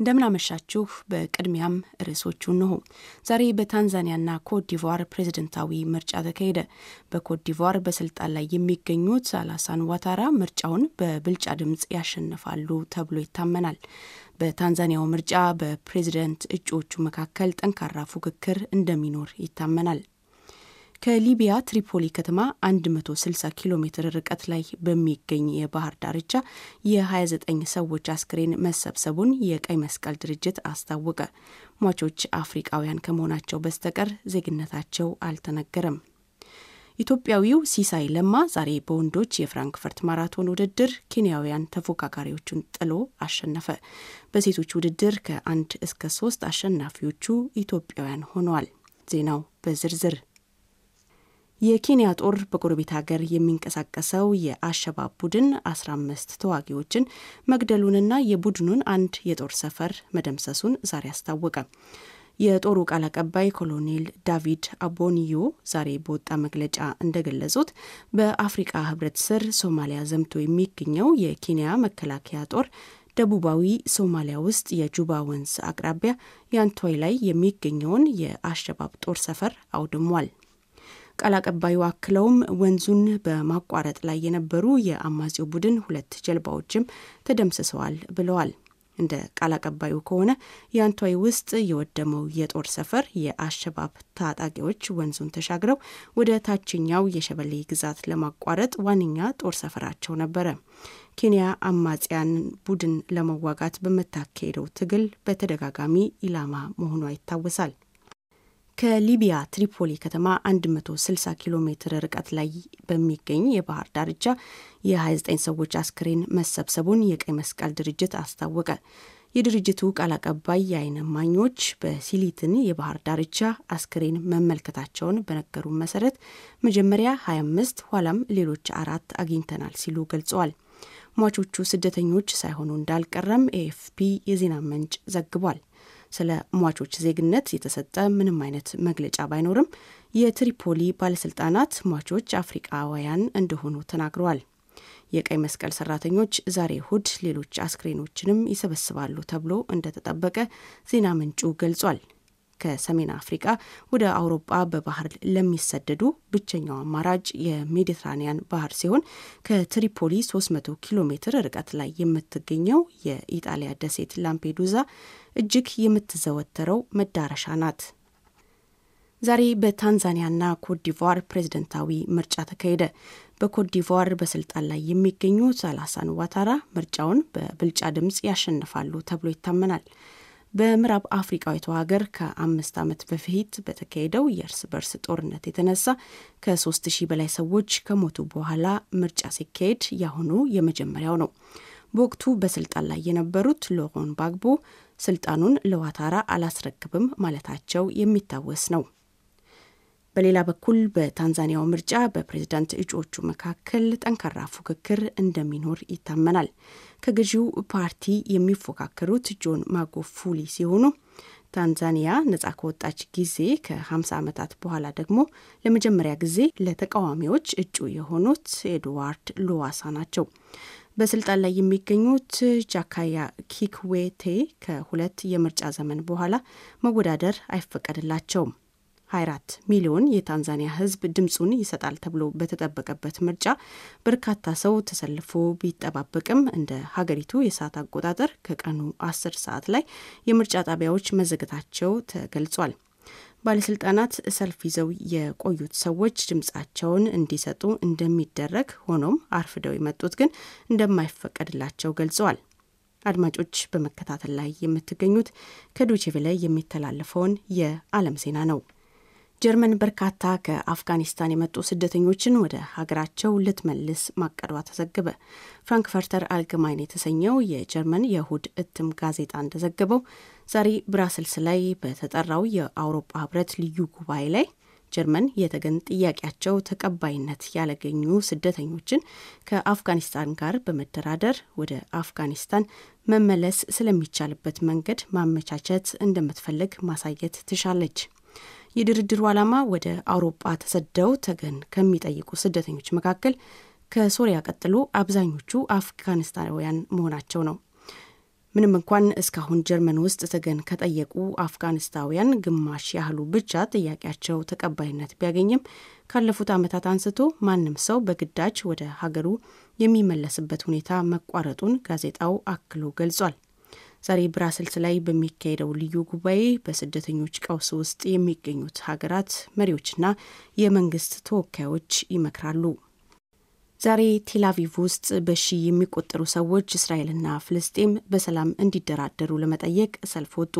እንደምናመሻችሁ በቅድሚያም ርዕሶቹ እንሆ። ዛሬ በታንዛኒያና ኮትዲቯር ፕሬዝደንታዊ ምርጫ ተካሄደ። በኮትዲቯር በስልጣን ላይ የሚገኙት አላሳን ዋታራ ምርጫውን በብልጫ ድምፅ ያሸንፋሉ ተብሎ ይታመናል። በታንዛኒያው ምርጫ በፕሬዝደንት እጩዎቹ መካከል ጠንካራ ፉክክር እንደሚኖር ይታመናል። ከሊቢያ ትሪፖሊ ከተማ 160 ኪሎ ሜትር ርቀት ላይ በሚገኝ የባህር ዳርቻ የ29 ሰዎች አስክሬን መሰብሰቡን የቀይ መስቀል ድርጅት አስታወቀ። ሟቾች አፍሪቃውያን ከመሆናቸው በስተቀር ዜግነታቸው አልተነገረም። ኢትዮጵያዊው ሲሳይ ለማ ዛሬ በወንዶች የፍራንክፈርት ማራቶን ውድድር ኬንያውያን ተፎካካሪዎቹን ጥሎ አሸነፈ። በሴቶች ውድድር ከአንድ እስከ ሶስት አሸናፊዎቹ ኢትዮጵያውያን ሆነዋል። ዜናው በዝርዝር የኬንያ ጦር በጎረቤት ሀገር የሚንቀሳቀሰው የአሸባብ ቡድን 15 ተዋጊዎችን መግደሉንና የቡድኑን አንድ የጦር ሰፈር መደምሰሱን ዛሬ አስታወቀ። የጦሩ ቃል አቀባይ ኮሎኔል ዳቪድ አቦኒዮ ዛሬ በወጣ መግለጫ እንደገለጹት በአፍሪቃ ህብረት ስር ሶማሊያ ዘምቶ የሚገኘው የኬንያ መከላከያ ጦር ደቡባዊ ሶማሊያ ውስጥ የጁባ ወንዝ አቅራቢያ ያንቷይ ላይ የሚገኘውን የአሸባብ ጦር ሰፈር አውድሟል። ቃል አቀባዩ አክለውም ወንዙን በማቋረጥ ላይ የነበሩ የአማጺው ቡድን ሁለት ጀልባዎችም ተደምስሰዋል ብለዋል። እንደ ቃል አቀባዩ ከሆነ የአንቷይ ውስጥ የወደመው የጦር ሰፈር የአሸባብ ታጣቂዎች ወንዙን ተሻግረው ወደ ታችኛው የሸበሌ ግዛት ለማቋረጥ ዋነኛ ጦር ሰፈራቸው ነበረ። ኬንያ አማጽያን ቡድን ለመዋጋት በምታካሄደው ትግል በተደጋጋሚ ኢላማ መሆኗ ይታወሳል። ከሊቢያ ትሪፖሊ ከተማ 160 ኪሎ ሜትር ርቀት ላይ በሚገኝ የባህር ዳርቻ የ29 ሰዎች አስክሬን መሰብሰቡን የቀይ መስቀል ድርጅት አስታወቀ። የድርጅቱ ቃል አቀባይ የዓይን እማኞች በሲሊትን የባህር ዳርቻ አስክሬን መመልከታቸውን በነገሩ መሰረት መጀመሪያ 25 ኋላም ሌሎች አራት አግኝተናል ሲሉ ገልጸዋል። ሟቾቹ ስደተኞች ሳይሆኑ እንዳልቀረም ኤኤፍፒ የዜና ምንጭ ዘግቧል። ስለ ሟቾች ዜግነት የተሰጠ ምንም አይነት መግለጫ ባይኖርም የትሪፖሊ ባለስልጣናት ሟቾች አፍሪቃውያን እንደሆኑ ተናግረዋል። የቀይ መስቀል ሰራተኞች ዛሬ እሁድ ሌሎች አስክሬኖችንም ይሰበስባሉ ተብሎ እንደተጠበቀ ዜና ምንጩ ገልጿል። ከሰሜን አፍሪቃ ወደ አውሮፓ በባህር ለሚሰደዱ ብቸኛው አማራጭ የሜዲትራኒያን ባህር ሲሆን ከትሪፖሊ 300 ኪሎ ሜትር ርቀት ላይ የምትገኘው የኢጣሊያ ደሴት ላምፔዱዛ እጅግ የምትዘወተረው መዳረሻ ናት። ዛሬ በታንዛኒያና ኮትዲቫር ፕሬዝደንታዊ ምርጫ ተካሄደ። በኮትዲቫር በስልጣን ላይ የሚገኙት አላሳን ዋታራ ምርጫውን በብልጫ ድምፅ ያሸንፋሉ ተብሎ ይታመናል። በምዕራብ አፍሪቃዊቷ ሀገር ከአምስት ዓመት በፊት በተካሄደው የእርስ በርስ ጦርነት የተነሳ ከሶስት ሺህ በላይ ሰዎች ከሞቱ በኋላ ምርጫ ሲካሄድ ያሁኑ የመጀመሪያው ነው። በወቅቱ በስልጣን ላይ የነበሩት ሎሮን ባግቦ ስልጣኑን ለዋታራ አላስረክብም ማለታቸው የሚታወስ ነው። በሌላ በኩል በታንዛኒያው ምርጫ በፕሬዝዳንት እጩዎቹ መካከል ጠንካራ ፉክክር እንደሚኖር ይታመናል። ከገዢው ፓርቲ የሚፎካከሩት ጆን ማጎፉሊ ሲሆኑ ታንዛኒያ ነጻ ከወጣች ጊዜ ከ50 ዓመታት በኋላ ደግሞ ለመጀመሪያ ጊዜ ለተቃዋሚዎች እጩ የሆኑት ኤድዋርድ ሉዋሳ ናቸው። በስልጣን ላይ የሚገኙት ጃካያ ኪክዌቴ ከሁለት የምርጫ ዘመን በኋላ መወዳደር አይፈቀድላቸውም። 24 ሚሊዮን የታንዛኒያ ህዝብ ድምፁን ይሰጣል ተብሎ በተጠበቀበት ምርጫ በርካታ ሰው ተሰልፎ ቢጠባበቅም እንደ ሀገሪቱ የሰዓት አቆጣጠር ከቀኑ 10 ሰዓት ላይ የምርጫ ጣቢያዎች መዘግታቸው ተገልጿል። ባለስልጣናት ሰልፍ ይዘው የቆዩት ሰዎች ድምጻቸውን እንዲሰጡ እንደሚደረግ፣ ሆኖም አርፍደው የመጡት ግን እንደማይፈቀድላቸው ገልጸዋል። አድማጮች በመከታተል ላይ የምትገኙት ከዶቼ ቬለ የሚተላለፈውን የዓለም ዜና ነው። ጀርመን በርካታ ከአፍጋኒስታን የመጡ ስደተኞችን ወደ ሀገራቸው ልትመልስ ማቀዷ ተዘገበ። ፍራንክፈርተር አልግማይን የተሰኘው የጀርመን የእሁድ እትም ጋዜጣ እንደዘገበው ዛሬ ብራስልስ ላይ በተጠራው የአውሮፓ ህብረት ልዩ ጉባኤ ላይ ጀርመን የተገን ጥያቄያቸው ተቀባይነት ያላገኙ ስደተኞችን ከአፍጋኒስታን ጋር በመደራደር ወደ አፍጋኒስታን መመለስ ስለሚቻልበት መንገድ ማመቻቸት እንደምትፈልግ ማሳየት ትሻለች። የድርድሩ ዓላማ ወደ አውሮጳ ተሰደው ተገን ከሚጠይቁ ስደተኞች መካከል ከሶሪያ ቀጥሎ አብዛኞቹ አፍጋኒስታናውያን መሆናቸው ነው። ምንም እንኳን እስካሁን ጀርመን ውስጥ ተገን ከጠየቁ አፍጋኒስታውያን ግማሽ ያህሉ ብቻ ጥያቄያቸው ተቀባይነት ቢያገኝም ካለፉት ዓመታት አንስቶ ማንም ሰው በግዳጅ ወደ ሀገሩ የሚመለስበት ሁኔታ መቋረጡን ጋዜጣው አክሎ ገልጿል። ዛሬ ብራስልስ ላይ በሚካሄደው ልዩ ጉባኤ በስደተኞች ቀውስ ውስጥ የሚገኙት ሀገራት መሪዎችና የመንግስት ተወካዮች ይመክራሉ። ዛሬ ቴላቪቭ ውስጥ በሺ የሚቆጠሩ ሰዎች እስራኤልና ፍልስጤም በሰላም እንዲደራደሩ ለመጠየቅ ሰልፍ ወጡ።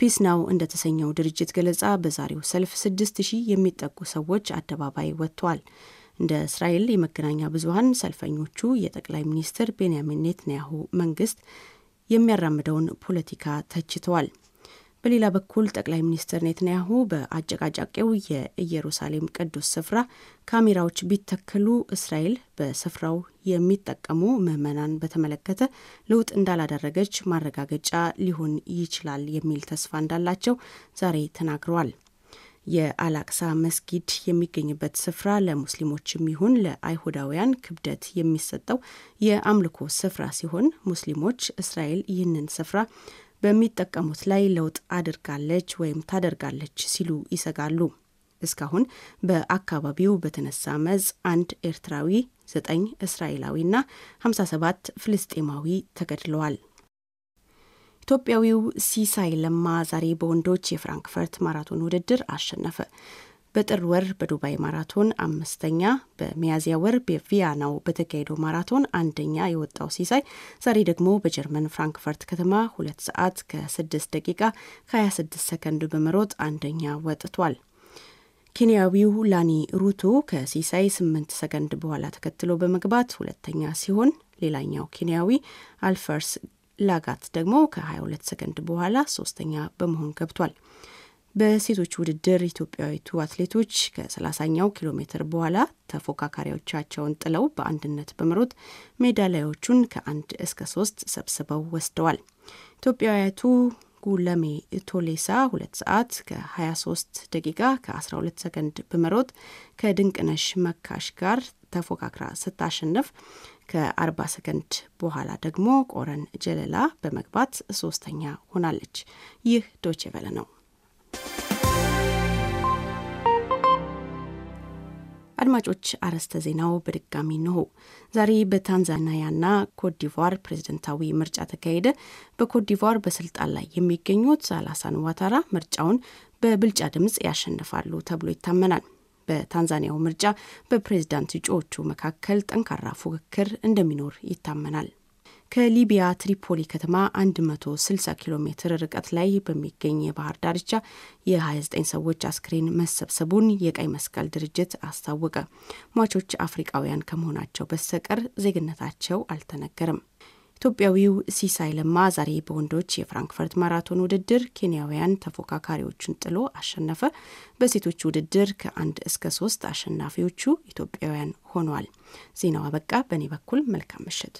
ፒስ ናው እንደተሰኘው ድርጅት ገለጻ በዛሬው ሰልፍ ስድስት ሺህ የሚጠጉ ሰዎች አደባባይ ወጥተዋል። እንደ እስራኤል የመገናኛ ብዙኃን ሰልፈኞቹ የጠቅላይ ሚኒስትር ቤንያሚን ኔትንያሁ መንግስት የሚያራምደውን ፖለቲካ ተችተዋል። በሌላ በኩል ጠቅላይ ሚኒስትር ኔትንያሁ በአጨቃጫቂው የኢየሩሳሌም ቅዱስ ስፍራ ካሜራዎች ቢተከሉ እስራኤል በስፍራው የሚጠቀሙ ምዕመናን በተመለከተ ለውጥ እንዳላደረገች ማረጋገጫ ሊሆን ይችላል የሚል ተስፋ እንዳላቸው ዛሬ ተናግረዋል። የአላቅሳ መስጊድ የሚገኝበት ስፍራ ለሙስሊሞችም ይሁን ለአይሁዳውያን ክብደት የሚሰጠው የአምልኮ ስፍራ ሲሆን ሙስሊሞች እስራኤል ይህንን ስፍራ በሚጠቀሙት ላይ ለውጥ አድርጋለች ወይም ታደርጋለች ሲሉ ይሰጋሉ። እስካሁን በአካባቢው በተነሳ መዝ አንድ ኤርትራዊ፣ ዘጠኝ እስራኤላዊና ሰባት ፍልስጤማዊ ተገድለዋል። ኢትዮጵያዊው ሲሳይ ለማ ዛሬ በወንዶች የፍራንክፈርት ማራቶን ውድድር አሸነፈ። በጥር ወር በዱባይ ማራቶን አምስተኛ፣ በሚያዝያ ወር በቪያናው በተካሄደው ማራቶን አንደኛ የወጣው ሲሳይ ዛሬ ደግሞ በጀርመን ፍራንክፈርት ከተማ ሁለት ሰዓት ከ6 ደቂቃ ከ26 ሰከንድ በመሮጥ አንደኛ ወጥቷል። ኬንያዊው ላኒ ሩቱ ከሲሳይ 8 ሰከንድ በኋላ ተከትሎ በመግባት ሁለተኛ ሲሆን ሌላኛው ኬንያዊ አልፈርስ ላጋት ደግሞ ከ22 ሰከንድ በኋላ ሶስተኛ በመሆን ገብቷል። በሴቶች ውድድር ኢትዮጵያዊቱ አትሌቶች ከ30ኛው ኪሎ ሜትር በኋላ ተፎካካሪዎቻቸውን ጥለው በአንድነት በመሮጥ ሜዳሊያዎቹን ከአንድ እስከ ሶስት ሰብስበው ወስደዋል። ኢትዮጵያዊቱ ጉለሜ ቶሌሳ ሁለት ሰዓት ከ23 ደቂቃ ከ12 ሰከንድ በመሮጥ ከድንቅነሽ መካሽ ጋር ተፎካክራ ስታሸንፍ ከ40 ሰከንድ በኋላ ደግሞ ቆረን ጀለላ በመግባት ሶስተኛ ሆናለች። ይህ ዶቼ ቬለ ነው። አድማጮች አርዕስተ ዜናው በድጋሚ ነው። ዛሬ በታንዛኒያና ኮትዲቫር ፕሬዝደንታዊ ምርጫ ተካሄደ። በኮትዲቫር በስልጣን ላይ የሚገኙት አላሳን ዋታራ ምርጫውን በብልጫ ድምፅ ያሸንፋሉ ተብሎ ይታመናል። በታንዛኒያው ምርጫ በፕሬዝዳንት እጩዎቹ መካከል ጠንካራ ፉክክር እንደሚኖር ይታመናል። ከሊቢያ ትሪፖሊ ከተማ 160 ኪሎ ሜትር ርቀት ላይ በሚገኝ የባህር ዳርቻ የ29 ሰዎች አስክሬን መሰብሰቡን የቀይ መስቀል ድርጅት አስታወቀ። ሟቾች አፍሪቃውያን ከመሆናቸው በስተቀር ዜግነታቸው አልተነገረም። ኢትዮጵያዊው ሲሳይ ለማ ዛሬ በወንዶች የፍራንክፈርት ማራቶን ውድድር ኬንያውያን ተፎካካሪዎቹን ጥሎ አሸነፈ። በሴቶች ውድድር ከአንድ እስከ ሶስት አሸናፊዎቹ ኢትዮጵያውያን ሆነዋል። ዜናው አበቃ። በእኔ በኩል መልካም ምሽት።